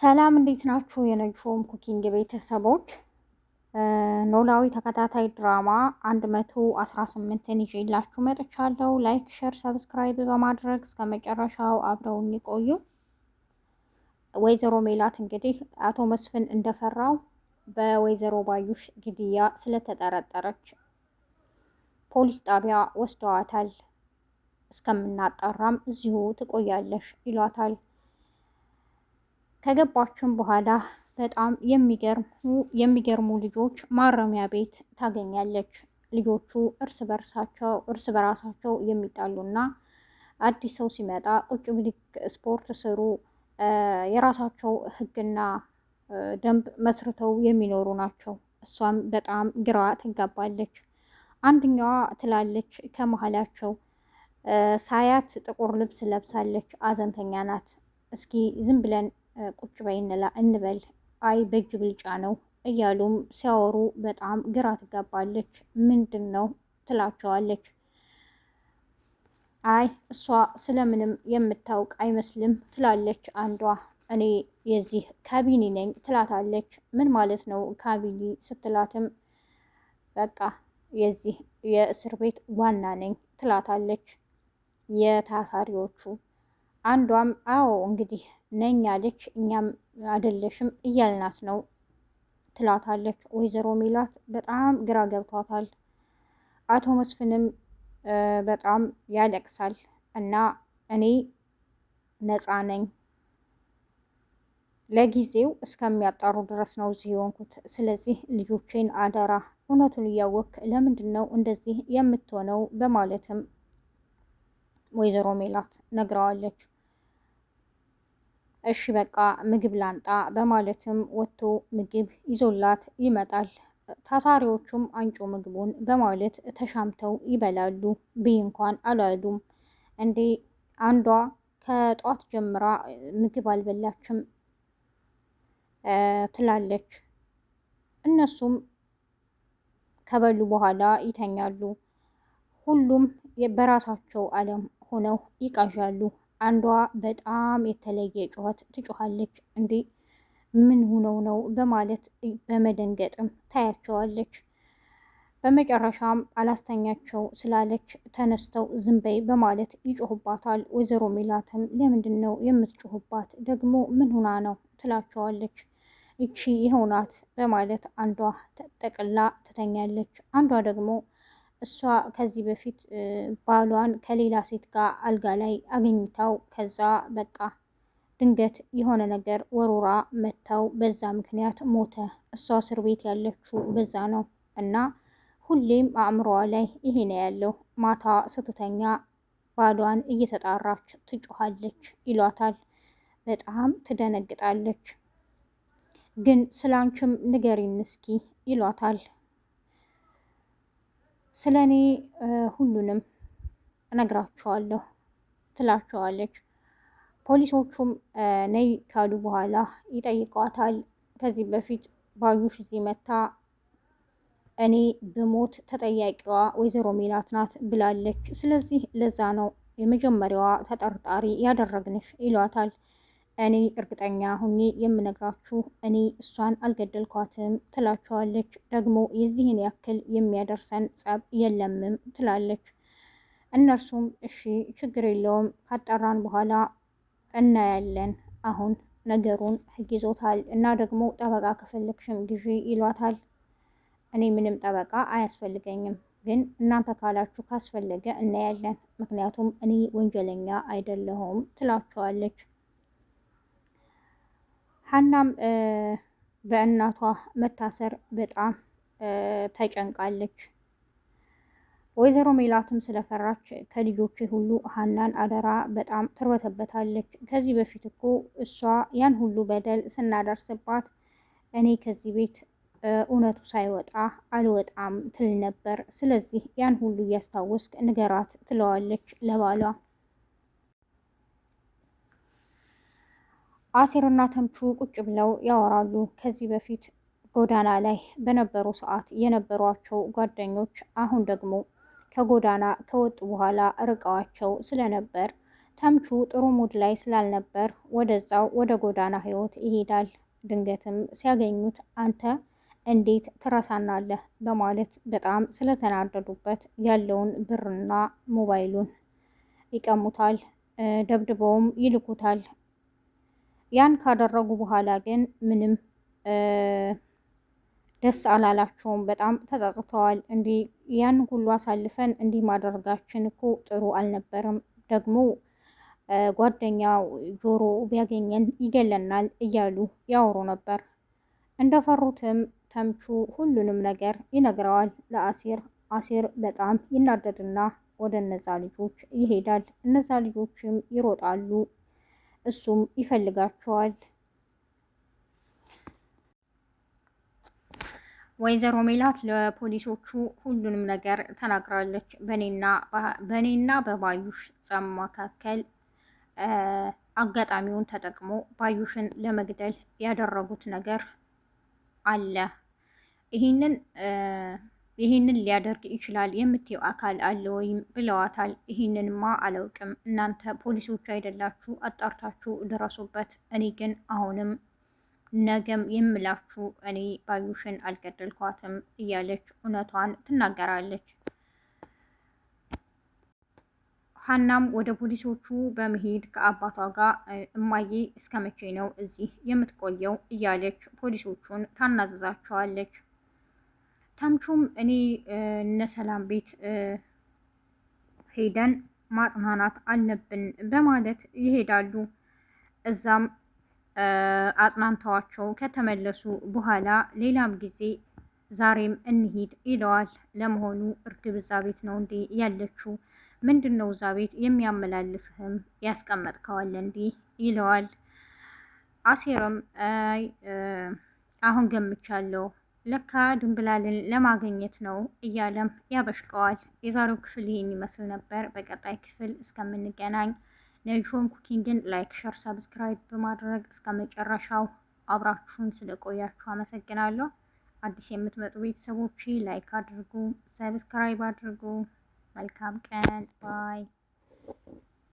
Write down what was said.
ሰላም እንዴት ናችሁ? የነጆም ኩኪንግ ቤተሰቦች ኖላዊ ተከታታይ ድራማ 118ን ይዤላችሁ መጥቻለሁ። ላይክ፣ ሸር፣ ሰብስክራይብ በማድረግ እስከ መጨረሻው አብረውን ይቆዩ። ወይዘሮ ሜላት እንግዲህ አቶ መስፍን እንደፈራው በወይዘሮ ባዩሽ ግድያ ስለተጠረጠረች ፖሊስ ጣቢያ ወስደዋታል። እስከምናጣራም እዚሁ ትቆያለሽ ይሏታል። ከገባችን በኋላ በጣም የሚገርሙ ልጆች ማረሚያ ቤት ታገኛለች። ልጆቹ እርስ በርሳቸው እርስ በራሳቸው የሚጣሉና አዲስ ሰው ሲመጣ ቁጭ ብድግ ስፖርት ስሩ፣ የራሳቸው ህግና ደንብ መስርተው የሚኖሩ ናቸው። እሷም በጣም ግራ ትጋባለች። አንድኛዋ ትላለች ከመሀላቸው ሳያት ጥቁር ልብስ ለብሳለች፣ አዘንተኛ ናት። እስኪ ዝም ብለን ቁጭ በይ እንላ እንበል አይ በእጅ ብልጫ ነው እያሉም ሲያወሩ በጣም ግራ ትጋባለች። ምንድን ነው ትላቸዋለች። አይ እሷ ስለምንም የምታውቅ አይመስልም ትላለች አንዷ። እኔ የዚህ ካቢኒ ነኝ ትላታለች። ምን ማለት ነው ካቢኒ ስትላትም በቃ የዚህ የእስር ቤት ዋና ነኝ ትላታለች። የታሳሪዎቹ አንዷም አዎ እንግዲህ ነኝ አለች፣ እኛም አይደለሽም እያልናት ነው ትላታለች። ወይዘሮ ሚላት። በጣም ግራ ገብቷታል። አቶ መስፍንም በጣም ያለቅሳል እና እኔ ነፃ ነኝ ለጊዜው እስከሚያጣሩ ድረስ ነው እዚህ የሆንኩት። ስለዚህ ልጆቼን አደራ፣ እውነቱን እያወክ ለምንድን ነው እንደዚህ የምትሆነው? በማለትም ወይዘሮ ሜላት ነግረዋለች። እሺ በቃ ምግብ ላንጣ በማለትም ወጥቶ ምግብ ይዞላት ይመጣል። ታሳሪዎቹም አንጮ ምግቡን በማለት ተሻምተው ይበላሉ። ብይ እንኳን አላሉም። እንዴ አንዷ ከጧት ጀምራ ምግብ አልበላችም ትላለች። እነሱም ከበሉ በኋላ ይተኛሉ። ሁሉም በራሳቸው ዓለም ሆነው ይቃዣሉ። አንዷ በጣም የተለየ ጩኸት ትጮኻለች። እንዴ ምን ሁነው ነው በማለት በመደንገጥም ታያቸዋለች። በመጨረሻም አላስተኛቸው ስላለች ተነስተው ዝም በይ በማለት ይጮሁባታል። ወይዘሮ ሜላትም ለምንድን ነው የምትጮሁባት? ደግሞ ምን ሁና ነው ትላቸዋለች። ይቺ ይኸው ናት በማለት አንዷ ጠቅላ ትተኛለች። አንዷ ደግሞ እሷ ከዚህ በፊት ባሏን ከሌላ ሴት ጋር አልጋ ላይ አግኝተው ከዛ በቃ ድንገት የሆነ ነገር ወሮራ መጥተው በዛ ምክንያት ሞተ። እሷ እስር ቤት ያለችው በዛ ነው እና ሁሌም አእምሮዋ ላይ ይሄ ነው ያለው። ማታ ስትተኛ ባሏን እየተጣራች ትጮሃለች ይሏታል። በጣም ትደነግጣለች። ግን ስላንችም ንገሪን እስኪ ይሏታል። ስለ እኔ ሁሉንም እነግራቸዋለሁ ትላቸዋለች። ፖሊሶቹም ነይ ካሉ በኋላ ይጠይቋታል። ከዚህ በፊት ባዩሽ እዚህ መታ እኔ ብሞት ተጠያቂዋ ወይዘሮ ሜላት ናት ብላለች። ስለዚህ ለዛ ነው የመጀመሪያዋ ተጠርጣሪ ያደረግንሽ ይሏታል። እኔ እርግጠኛ ሁኜ የምነግራችሁ እኔ እሷን አልገደልኳትም ትላቸዋለች። ደግሞ የዚህን ያክል የሚያደርሰን ጸብ የለምም ትላለች። እነርሱም እሺ ችግር የለውም ካጠራን በኋላ እናያለን። አሁን ነገሩን ህግ ይዞታል እና ደግሞ ጠበቃ ከፈለግሽም ግዢ ይሏታል። እኔ ምንም ጠበቃ አያስፈልገኝም፣ ግን እናንተ ካላችሁ ካስፈለገ እናያለን፣ ምክንያቱም እኔ ወንጀለኛ አይደለሁም ትላቸዋለች። ሀናም በእናቷ መታሰር በጣም ተጨንቃለች። ወይዘሮ ሜላትም ስለፈራች ከልጆቼ ሁሉ ሀናን አደራ በጣም ትርበተበታለች። ከዚህ በፊት እኮ እሷ ያን ሁሉ በደል ስናደርስባት እኔ ከዚህ ቤት እውነቱ ሳይወጣ አልወጣም ትል ነበር። ስለዚህ ያን ሁሉ እያስታወስክ ንገራት ትለዋለች ለባሏ። አሴርና ተምቹ ቁጭ ብለው ያወራሉ። ከዚህ በፊት ጎዳና ላይ በነበሩ ሰዓት የነበሯቸው ጓደኞች አሁን ደግሞ ከጎዳና ከወጡ በኋላ ርቀዋቸው ስለነበር ተምቹ ጥሩ ሙድ ላይ ስላልነበር ወደዛው ወደ ጎዳና ህይወት ይሄዳል። ድንገትም ሲያገኙት አንተ እንዴት ትረሳናለህ በማለት በጣም ስለተናደዱበት ያለውን ብርና ሞባይሉን ይቀሙታል፣ ደብድበውም ይልኩታል። ያን ካደረጉ በኋላ ግን ምንም ደስ አላላቸውም። በጣም ተጸጽተዋል። እንዲህ ያን ሁሉ አሳልፈን እንዲህ ማድረጋችን እኮ ጥሩ አልነበረም፣ ደግሞ ጓደኛው ጆሮ ቢያገኘን ይገለናል እያሉ ያወሩ ነበር። እንደፈሩትም ተምቹ ሁሉንም ነገር ይነግረዋል ለአሴር። አሴር በጣም ይናደድና ወደ እነዛ ልጆች ይሄዳል። እነዛ ልጆችም ይሮጣሉ፣ እሱም ይፈልጋቸዋል። ወይዘሮ ሜላት ለፖሊሶቹ ሁሉንም ነገር ተናግራለች። በእኔና በባዩሽ ጸም መካከል አጋጣሚውን ተጠቅሞ ባዩሽን ለመግደል ያደረጉት ነገር አለ። ይህንን ይህንን ሊያደርግ ይችላል የምትየው አካል አለ ወይም ብለዋታል። ይህንንማ አላውቅም፣ እናንተ ፖሊሶች አይደላችሁ አጣርታችሁ ድረሱበት። እኔ ግን አሁንም ነገም የምላችሁ እኔ ባዩሽን አልገደልኳትም እያለች እውነቷን ትናገራለች። ሀናም ወደ ፖሊሶቹ በመሄድ ከአባቷ ጋር እማዬ እስከ መቼ ነው እዚህ የምትቆየው እያለች ፖሊሶቹን ታናዝዛቸዋለች። ታምቹም እኔ እነ ሰላም ቤት ሄደን ማጽናናት አለብን በማለት ይሄዳሉ። እዛም አጽናንተዋቸው ከተመለሱ በኋላ ሌላም ጊዜ ዛሬም እንሂድ ይለዋል። ለመሆኑ እርግብ እዛ ቤት ነው እንዴ ያለችው? ምንድን ነው እዛ ቤት የሚያመላልስህም ያስቀመጥከዋል እንዴ ይለዋል። አሴርም አይ አሁን ገምቻለሁ ለካ ድንብላልን ለማግኘት ነው እያለም ያበሽቀዋል። የዛሬው ክፍል ይህን ይመስል ነበር። በቀጣይ ክፍል እስከምንገናኝ ነሾም ኩኪንግን ላይክ፣ ሸር፣ ሰብስክራይብ በማድረግ እስከ መጨረሻው አብራችሁን ስለቆያችሁ አመሰግናለሁ። አዲስ የምትመጡ ቤተሰቦች ላይክ አድርጉ፣ ሰብስክራይብ አድርጉ። መልካም ቀን ባይ